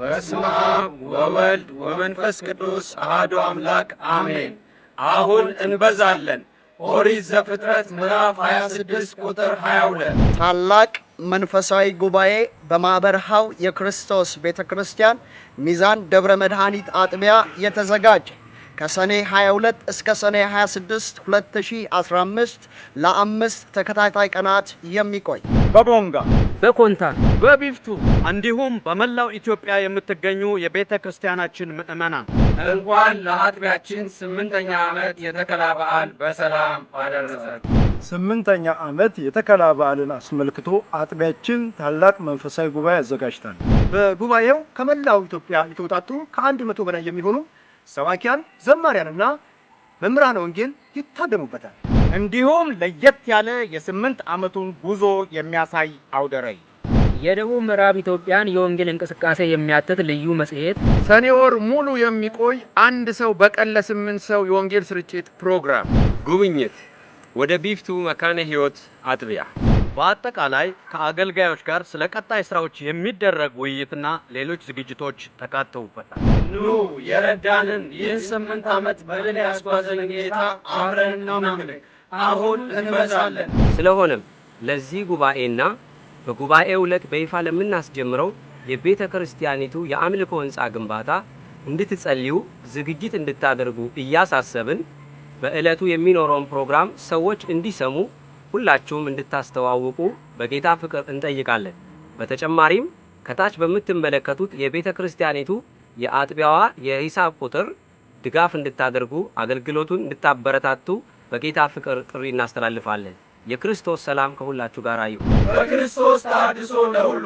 በስመ አብ ወወልድ ወመንፈስ ቅዱስ አሐዱ አምላክ አሜን። አሁን እንበዛለን። ኦሪት ዘፍጥረት ምዕራፍ 26 ቁጥር 22። ታላቅ መንፈሳዊ ጉባኤ በማኅበርሃው የክርስቶስ ቤተ ክርስቲያን ሚዛን ደብረ መድኃኒት አጥቢያ የተዘጋጀ ከሰኔ 22 እስከ ሰኔ 26 2015 ለአምስት ተከታታይ ቀናት የሚቆይ በቦንጋ በኮንታን በቢፍቱ እንዲሁም በመላው ኢትዮጵያ የምትገኙ የቤተ ክርስቲያናችን ምዕመናን እንኳን ለአጥቢያችን ስምንተኛ ዓመት የተከላ በዓል በሰላም አደረሰ። ስምንተኛ ዓመት የተከላ በዓልን አስመልክቶ አጥቢያችን ታላቅ መንፈሳዊ ጉባኤ አዘጋጅታል። በጉባኤው ከመላው ኢትዮጵያ የተውጣጡ ከአንድ መቶ በላይ የሚሆኑ ሰባኪያን፣ ዘማሪያንና መምህራነ ወንጌል ይታደሙበታል። እንዲሁም ለየት ያለ የስምንት ዓመቱን ጉዞ የሚያሳይ አውደ ርዕይ የደቡብ ምዕራብ ኢትዮጵያን የወንጌል እንቅስቃሴ የሚያትት ልዩ መጽሔት ሰኔ ወር ሙሉ የሚቆይ አንድ ሰው በቀን ለስምንት ሰው የወንጌል ስርጭት ፕሮግራም ጉብኝት ወደ ቢፍቱ መካነ ሕይወት አጥቢያ በአጠቃላይ ከአገልጋዮች ጋር ስለ ቀጣይ ስራዎች የሚደረግ ውይይትና ሌሎች ዝግጅቶች ተካተውበታል። ኑ የረዳንን ይህን ስምንት ዓመት በድል ያስጓዘን ጌታ አብረን እናምልክ። አሁን እንበዛለን። ስለሆነም ለዚህ ጉባኤና በጉባኤው ዕለት በይፋ ለምናስጀምረው የቤተ ክርስቲያኒቱ የአምልኮ ሕንፃ ግንባታ እንድትጸልዩ ዝግጅት እንድታደርጉ እያሳሰብን በዕለቱ የሚኖረውን ፕሮግራም ሰዎች እንዲሰሙ ሁላችሁም እንድታስተዋውቁ በጌታ ፍቅር እንጠይቃለን። በተጨማሪም ከታች በምትመለከቱት የቤተ ክርስቲያኒቱ የአጥቢያዋ የሂሳብ ቁጥር ድጋፍ እንድታደርጉ አገልግሎቱን እንድታበረታቱ በጌታ ፍቅር ጥሪ እናስተላልፋለን። የክርስቶስ ሰላም ከሁላችሁ ጋር ይሁን። በክርስቶስ ተሐድሶ ለሁሉ